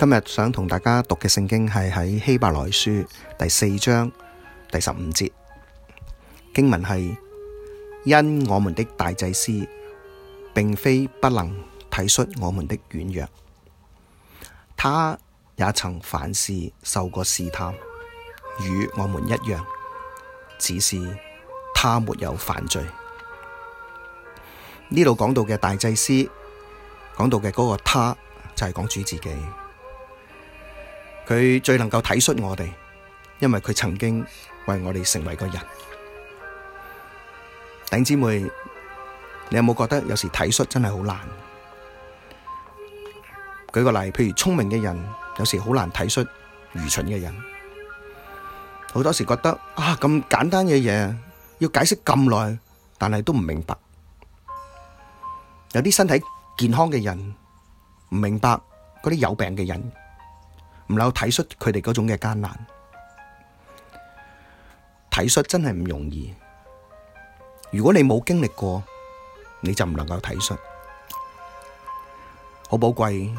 今日想同大家讀嘅聖經係喺希伯來書第四章第十五節，經文係因我們的大祭司並非不能體恤我們的軟弱，他也曾凡事受過試探，與我們一樣，只是他沒有犯罪。呢度講到嘅大祭司，講到嘅嗰個他，就係、是、講主自己。佢最能夠體恤我哋，因為佢曾經為我哋成為個人。頂姊妹，你有冇覺得有時體恤真係好難？舉個例，譬如聰明嘅人有時好難體恤愚蠢嘅人，好多時覺得啊咁簡單嘅嘢，要解釋咁耐，但係都唔明白。有啲身體健康嘅人唔明白嗰啲有病嘅人。唔能夠體恤佢哋嗰種嘅艱難，體恤真係唔容易。如果你冇經歷過，你就唔能夠體恤。好寶貴，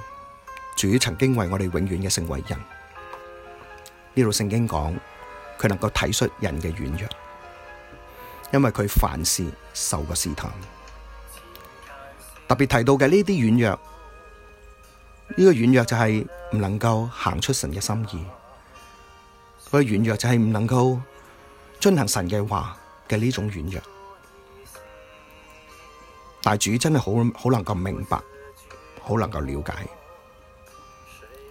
主曾經為我哋永遠嘅成為人。呢度聖經講，佢能夠體恤人嘅軟弱，因為佢凡事受過試探。特別提到嘅呢啲軟弱。呢個軟弱就係唔能夠行出神嘅心意，佢嘅軟弱就係唔能夠遵行神嘅話嘅呢種軟弱。但係主真係好好能夠明白，好能夠了解。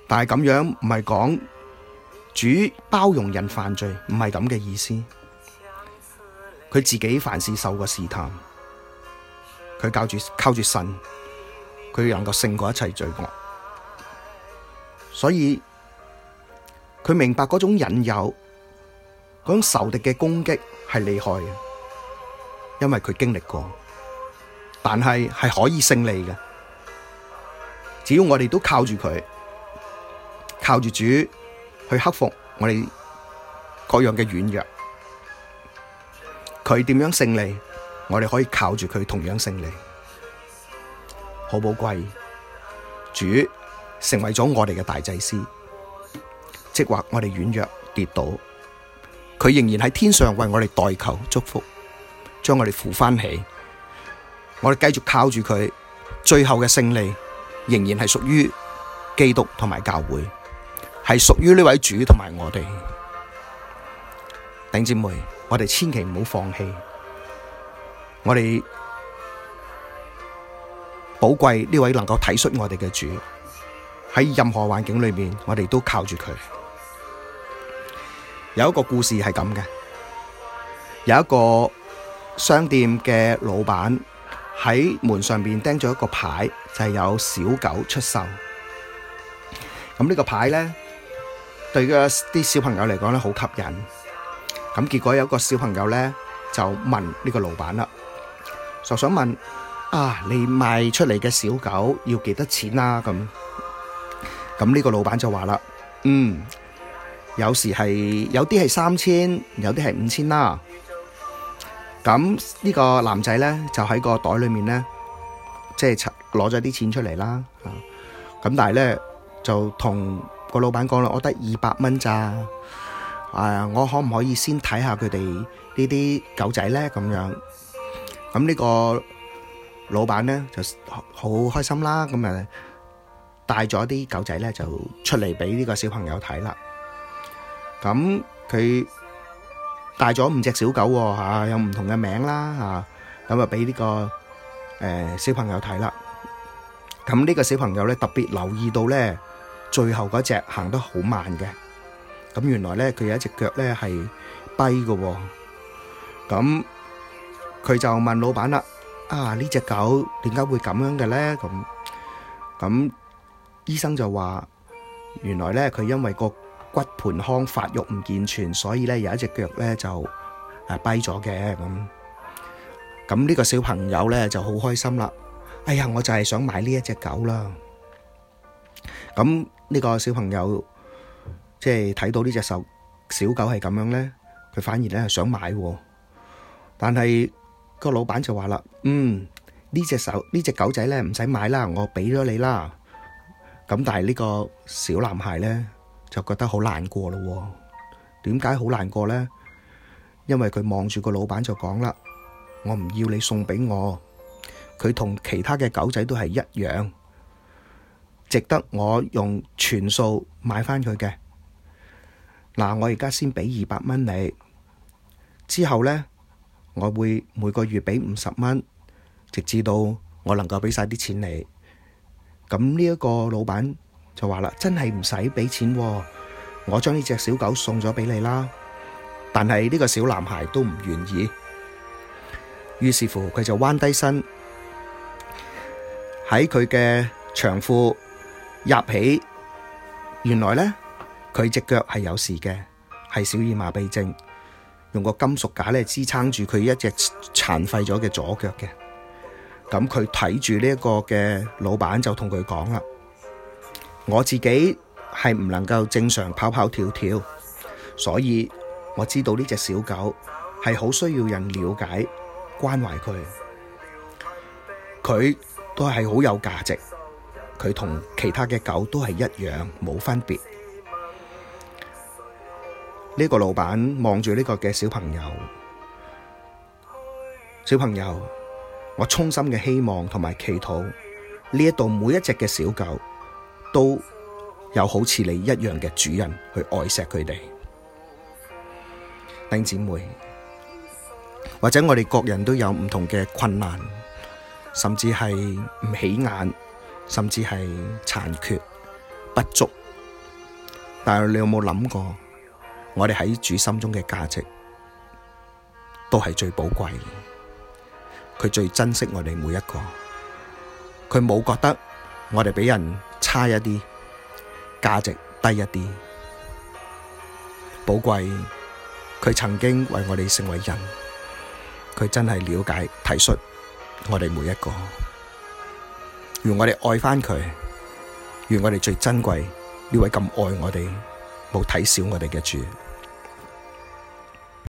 但係咁樣唔係講主包容人犯罪，唔係咁嘅意思。佢自己凡事受過試探，佢靠住靠住神，佢能夠勝過一切罪惡。所以佢明白嗰種引誘，嗰種仇敵嘅攻擊係厲害嘅，因為佢經歷過。但係係可以勝利嘅，只要我哋都靠住佢，靠住主去克服我哋各樣嘅軟弱。佢點樣勝利，我哋可以靠住佢同樣勝利。好寶貴，主。成為咗我哋嘅大祭司，即話我哋軟弱跌倒，佢仍然喺天上為我哋代求祝福，將我哋扶翻起。我哋繼續靠住佢，最後嘅勝利仍然係屬於基督同埋教會，係屬於呢位主同埋我哋。頂姐妹，我哋千祈唔好放棄，我哋寶貴呢位能夠體恤我哋嘅主。喺任何環境裏面，我哋都靠住佢。有一個故事係咁嘅，有一個商店嘅老闆喺門上面釘咗一個牌，就係有小狗出售。咁呢個牌呢，對個啲小朋友嚟講呢好吸引。咁結果有一個小朋友呢就問呢個老闆啦，就想問啊，你賣出嚟嘅小狗要幾多錢啊？咁咁呢個老闆就話啦，嗯，有時係，有啲係三千，有啲係五千啦。咁呢個男仔咧就喺個袋裏面咧，即係攞咗啲錢出嚟啦。咁、啊、但係咧就同個老闆講啦，我得二百蚊咋。誒、啊，我可唔可以先睇下佢哋呢啲狗仔咧？咁樣，咁呢個老闆咧就好開心啦。咁誒。帶咗啲狗仔咧，就出嚟俾呢個小朋友睇啦。咁佢帶咗五隻小狗吓、啊，有唔同嘅名啦吓，咁啊俾呢、這個誒、呃、小朋友睇啦。咁呢、這個小朋友咧特別留意到咧，最後嗰隻行得好慢嘅。咁原來咧佢有一隻腳咧係跛嘅。咁佢就問老闆啦：啊、這個、呢隻狗點解會咁樣嘅咧？咁咁。醫生就話：原來咧，佢因為個骨盆腔發育唔健全，所以咧有一隻腳咧就誒跛咗嘅咁。咁呢個小朋友咧就好開心啦。哎呀，我就係想買呢一隻狗啦。咁呢個小朋友即係睇到呢隻手小狗係咁樣咧，佢反而咧係想買喎。但係個老闆就話啦：嗯，呢隻手呢隻狗仔咧唔使買啦，我俾咗你啦。咁但係呢個小男孩呢，就覺得好難過咯、哦，點解好難過呢？因為佢望住個老闆就講啦：我唔要你送俾我，佢同其他嘅狗仔都係一樣，值得我用全數買返佢嘅。嗱，我而家先俾二百蚊你，之後呢，我會每個月俾五十蚊，直至到我能夠俾晒啲錢你。咁呢一個老闆就話啦，真係唔使俾錢，哦，我將呢隻小狗送咗俾你啦。但係呢個小男孩都唔願意，於是乎佢就彎低身，喺佢嘅長褲入起。原來咧，佢隻腳係有事嘅，係小兒麻痹症，用個金屬架嚟支撐住佢一隻殘廢咗嘅左腳嘅。咁佢睇住呢一個嘅老闆就同佢講啦，我自己係唔能夠正常跑跑跳跳，所以我知道呢隻小狗係好需要人了解關懷佢，佢都係好有價值，佢同其他嘅狗都係一樣，冇分別。呢個老闆望住呢個嘅小朋友，小朋友。我衷心嘅希望同埋祈禱，呢一度每一隻嘅小狗都有好似你一樣嘅主人去愛錫佢哋。弟兄姊妹，或者我哋各人都有唔同嘅困難，甚至係唔起眼，甚至係殘缺不足。但係你有冇諗過，我哋喺主心中嘅價值都係最寶貴。佢最珍惜我哋每一個，佢冇覺得我哋比人差一啲，價值低一啲，寶貴。佢曾經為我哋成為人，佢真係了解體恤我哋每一個。如我哋愛返佢，如我哋最珍貴呢位咁愛我哋冇睇小我哋嘅主。